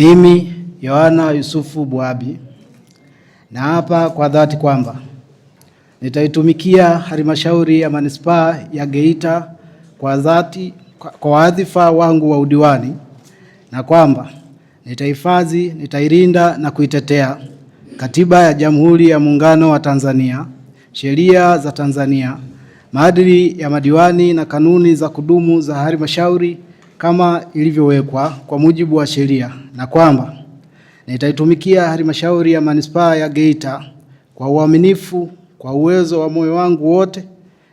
Mimi Yohana Yusufu na naapa kwa dhati kwamba nitaitumikia halmashauri ya manispaa ya Geita kwa dhati, kwa wadhifa wangu wa udiwani na kwamba nitahifadhi, nitailinda na kuitetea Katiba ya Jamhuri ya Muungano wa Tanzania, sheria za Tanzania, maadili ya madiwani na kanuni za kudumu za halmashauri kama ilivyowekwa kwa mujibu wa sheria na kwamba nitaitumikia halmashauri ya manispaa ya Geita kwa uaminifu, kwa uwezo wa moyo wangu wote